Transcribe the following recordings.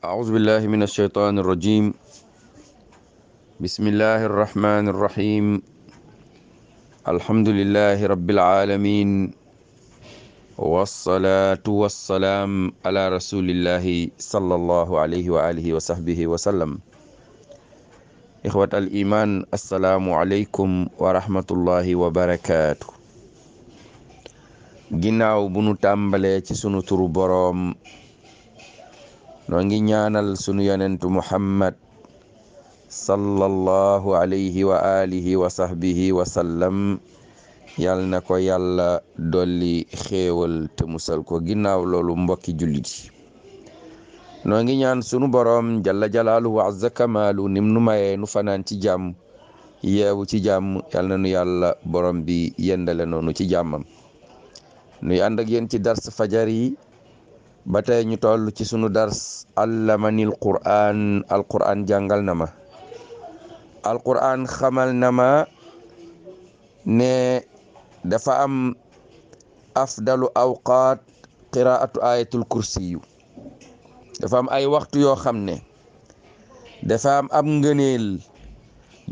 أعوذ بالله من الشيطان الرجيم بسم الله الرحمن الرحيم الحمد لله رب العالمين والصلاة والسلام على رسول الله صلى الله عليه وآله وصحبه وسلم إخوة الإيمان السلام عليكم ورحمة الله وبركاته جناو بنو تامبلي سنو ترو بروم noo ngi ñaanal sunu yonentu muhammad sallallahu alayhi wa alihi wa sahbihi wa sallam yal na ko yàlla dolli xéewal te musal ko ginnaaw loolu mbokki jullit yi ngi ñaan sunu boroom jalla jalaaluhu wa azza kamaalu nim nu mayee fanaan ci jàmm yeewu ci jàmm yal nu yàlla borom bi yendale noonu ci jàmmam nuy ànd ak ci dars fajar ba tey ñu toll ci sunu dars allamanil qur'an alqur'an jàngal na ma alqur'an xamal na ma ne dafa am afdalu awqaat qiraatu ayatul kursi yu dafa am ay waxtu yoo xam ne dafa am ab ngëneel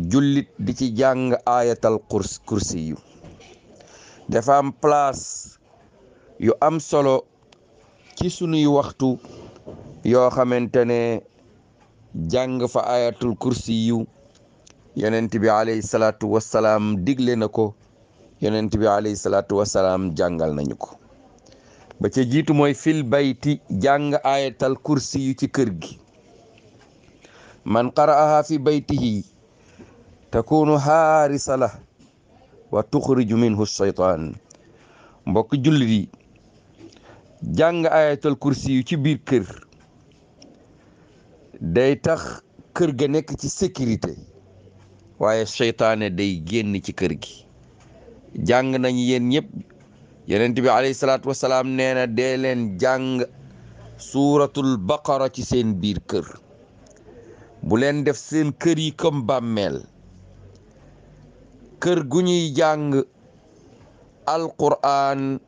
jullit di ci jàng ayatal kursi yu place yu am solo ci sunuy waxtu yoo xamante ne jàng fa ayatul kursi yu yonent bi alayhi salaatu wassalaam digle na ko yonent bi alayhi salaatu wassalaam jàngal nañu ko ba ca jiitu mooy fil bayti jàng ayatal kursi yu ci kër gi man qara'aha fi baytihi takunu haarisa la wa tuxriju minhu shaytaan mbokk julli yi jàng ayatal kursi yu ci biir kër day tax kër ga nekk ci sécurité waaye seytaane day génn ci kër gi jàng nañu yéen ñëpp yeneen bi alayhi salaatu wasalaam nee dee leen jàng suuratul baqara ci seen biir kër bu leen def seen kër yi comme bàmmeel kër gu ñuy jàng alquraan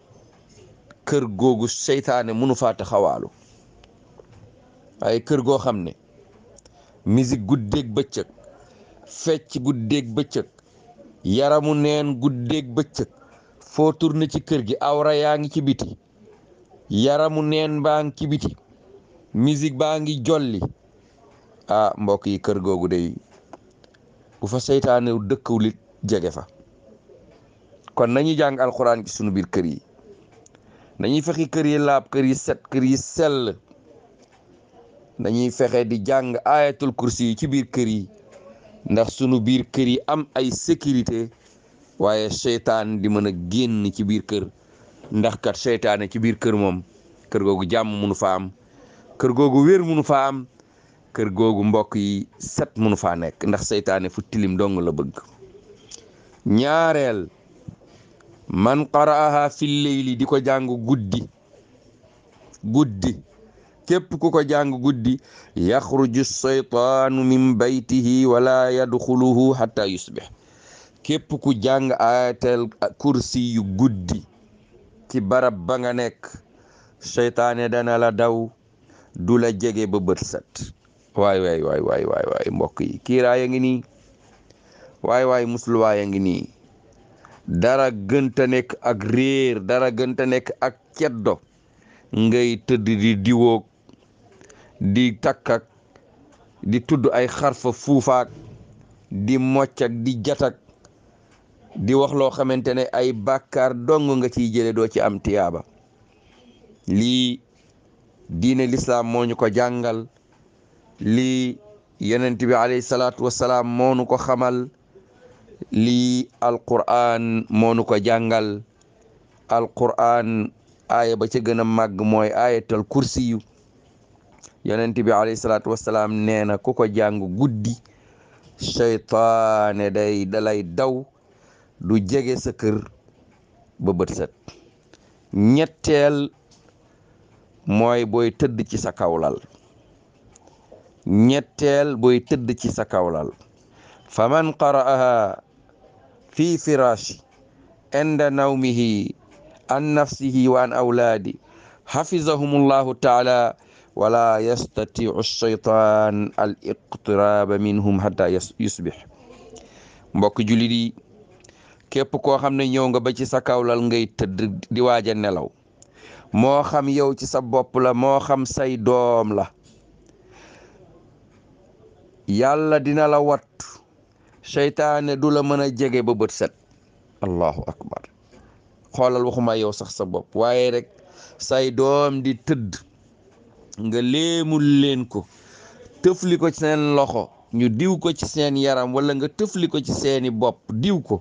kër googu seytaane munu faa taxawaalu ay kër goo xam ne musique guddeeg bëccëg fecc guddeeg bëccëg yaramu neen guddeeg bëccëg foo ci kër gi awra yaa ngi ci biti yaramu neen baa ngi ci biti musique baa ngi jolli ah mbokk yi kër googu day bu fa seytaane dëkkawulit jege fa kon nañu jàng alxuraan ci sunu biir kër yi dañuy fexe kër yi laab kër yi set kër yi sell dañuy fexe di jàng ayatul kursi yi ci biir kër yi ndax sunu biir kër yi am ay sécurité waaye seytaan di mën a génn ci biir kër ndax kat seytaane ci biir kër moom kër googu jàmm munu fa am kër googu wér munu fa am kër googu mbokk yi set munu faa nekk ndax seytaane fu tilim dong la bëgg ñaareel man qara'aha fi leyli di ko jàng guddi guddi képp ku ko jàng guddi yaxruju seytaanu min baytihi wala yadxuluhu xatta yusbix képp ku jàng ayatal kursi yu guddi ci barab ba nga nekk seytaane dana la daw du la jege ba bët set waay waay waay waay waay mbokk yi kiiraaya waay waay musluwaaya dara gënta ak réer dara gënta nekk ak ceddo ngay tëdd di diwoog di takkak di tudd ay xarfa fuufaak di moccak di jatak di wax loo xamante ne ay bàkkaar dong nga ciy jële doo ci am tiyaaba lii diine lislaam moo ñu ko jàngal lii yenent bi alayhi salaatu wasalaam moo ko xamal lii alqur'aan moonu ko jàngal alqur'aan aaya ba ca gën a màgg mooy aayatal kursi yu yonent bi alayhi salaatu wasalaam nee na ku ko jàng guddi seytaane day dalay daw du jege sa kër ba bët set ñetteel mooy booy tëdd ci sa kawlal ñetteel booy tëdd ci sa kawlal faman qara'aha fi firaashi inda nawmihi an nafsihi wa an awlaadi xafizahum llahu taala wala yastatiu sheytaan al iqtiraaba minhum xata yusbix mbokk jullit yi képp koo xam ne ñëw nga ba ci sa kawlal ngay tëdd di waaj nelaw moo xam yow ci sa bopp la moo xam say doom la seytaane du la mën a jege ba bët set allahu akbar xoolal waxuma yow sax sa bopp waaye rek say doom di tëdd nga léemul leen ko tëfli ko seen loxo ñu diw ko ci seen yaram wala nga tëfli ko ci seeni bopp diw ko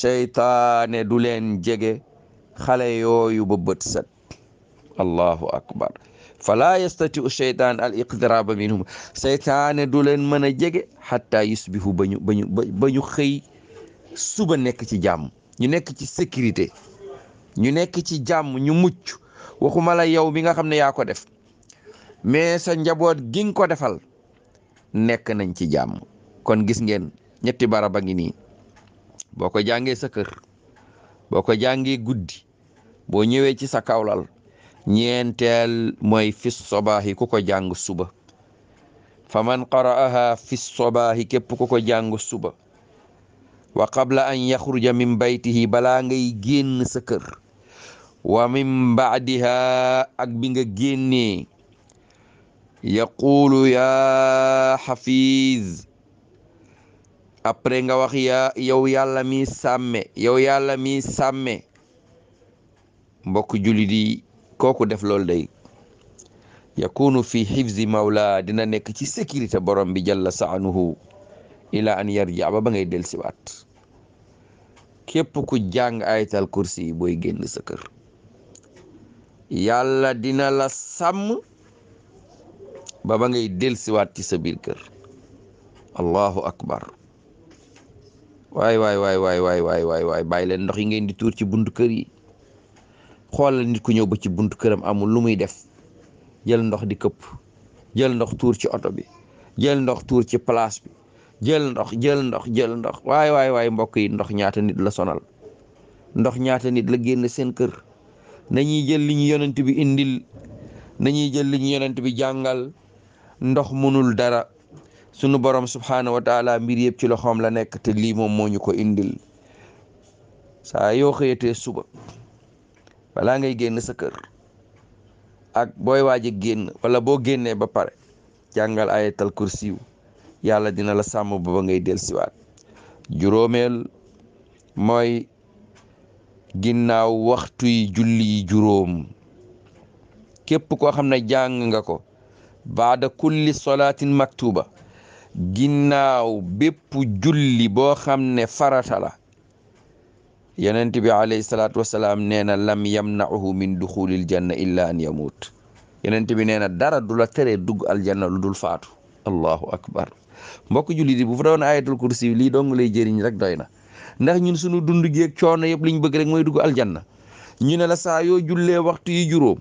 seytaane du leen jege xale yooyu ba bët set allahu akbar fala yastati'u cheytaan al iqdiraaba minhum seytaane du leen mën a jege xatta yusbihu ba ñu ba ñu ba xëy suba nekk ci jàmm ñu nekk ci sécurité ñu nekk ci jàmm ñu mucc waxuma la yow mi nga xam ne yaa ko def mais sa njaboot gi nga ko defal nekk nañ ci jàmm kon gis ngeen ñetti barab a ngi nii boo ko jàngee sa kër boo ko jàngee guddi boo ñëwee ci sa kawlal ñeenteel mooy fi sobaahi ku ko jàng suba fa man qara'aha fi sobaahi képp ku ko jàng suba wa qabla an yaxruja min baytihi balaa ngay génn sa kër wa min baadiha ak bi nga génnee yaquulu ya xafiz après nga wax yaa yow yàlla mi sàmme yow yàlla mi sàmme mbokk jullit yi kooku def loolu day yakunu fi xifzi mawla dina nekk ci sécurité borom bi jalla saanuhu ila an yarja ba ba ngay del siwaat képp ku jàng ayatal kursi booy génn sa kër dina la sàmm ba ba ngay del siwaat ci sa biir kër allahu akbar waay waay waay waay waay waay waay waay bàyyi leen ndox yi ngeen di tuur ci buntu kër yi xoolal nit ku ñëw ba ci buntu këram amul lu muy def jël ndox di këpp jël ndox tuur ci oto bi jël ndox tuur ci place bi jël ndox jël ndox jël ndox waay waay waay mbokk yi ndox ñaata nit la sonal ndox ñaata nit la génn seen kër nañuy jël li ñu yonent bi indil nañuy jël li ñu yonent bi jàngal ndox mënul dara sunu borom subhaanahu wa taala mbir yëpp ci loxoom la nekk te lii moom moo ñu ko indil saa yoo xëyatee suba balaa ngay génn sa kër ak booy waaj génn wala boo génnee ba pare jàngal ayatal kursiw yàlla dina la sàmm ba ngay del siwaat juróomeel mooy ginnaaw waxtu yi julli yi juróom képp koo xam ne jàng nga ko baada kulli solaatin maktuba ginnaaw bépp julli boo xam ne farata yonent bi alayhi salaatu wasalaam nee na lam yamna'uhu min duxulil janna illa an yamuut yonent bi nee na dara du la teree dugg aljanna lu dul faatu allahu akbar mbokk julli di bu fa doon ayatul kursi lii dong lay jëriñ rek doy na ndax ñun suñu dund gi ak coono yëpp liñ bëgg rek mooy dugg aljanna ñu ne la saa yoo jullee waxtu yi juróom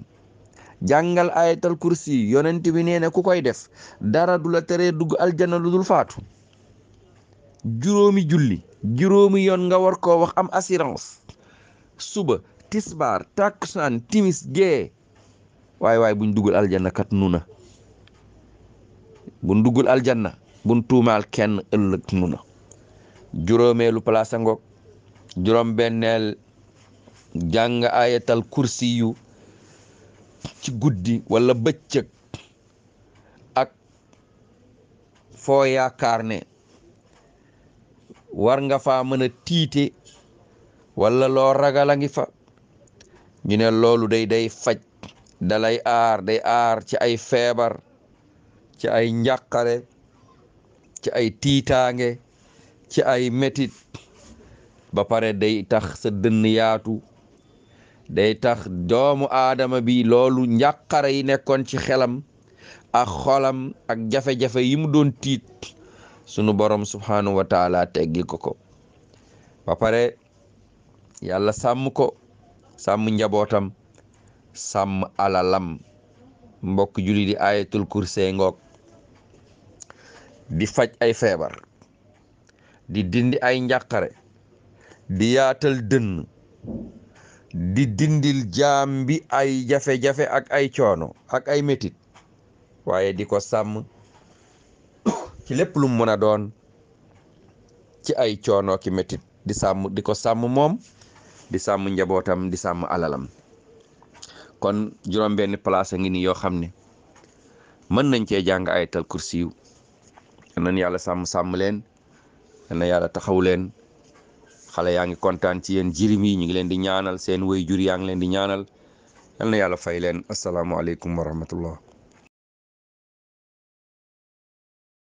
jàngal ayatal kursi yonent bi nee na ku koy def dara du la teree dugg aljanna lu dul faatu juróomi julli juróomi yoon nga war koo wax am assurance suba tisbaar takkusaan timis gee waaye waay buñ duggul aljanna kat nu na buñ duggul aljanna buñ tuumaal kenn ëllëg nu na juróomeelu place ngoog juróom benneel jàng ayatal kursi yu ci guddi wala bëccëg ak foo yaakaar ne war nga faa mën a tiite wala loo ragal a ngi fa ñu ne loolu day day faj dalay aar day aar ci ay feebar ci ay njàqare ci ay tiitaange ci ay metit ba pare day tax sa dënn yaatu day tax doomu aadama bi loolu njàqare yi nekkoon ci xelam ak xolam ak jafe-jafe yi mu doon tiit sunu borom subhanahu wa taala ko ko ba pare yàlla sàmm ko sàmm njabootam sàmm alalam mbokk julli di ayatul kursi di faj ay feebar di dindi ay njàqare di yaatal dënn di dindil jaam bi ay jafe-jafe ak ay coono ak ay metit waaye di ko sàmm ci lépp lum mu mën a doon ci ay coono ki métit di sàmm di ko sàmm moom di sàmm njabootam di sàmm alalam kon juróom benn place a ngi nii yoo xam ne mën nañ cee jàng ayatal kursiyu nañ yàlla sàmm sàmm leen na yàlla taxaw leen xale yaa ngi kontaan ci yéen jirim yi ñu ngi leen di ñaanal seen way jur yaa ngi leen di ñaanal yal yàlla fay leen asalaamaaleykum wa rahmatullah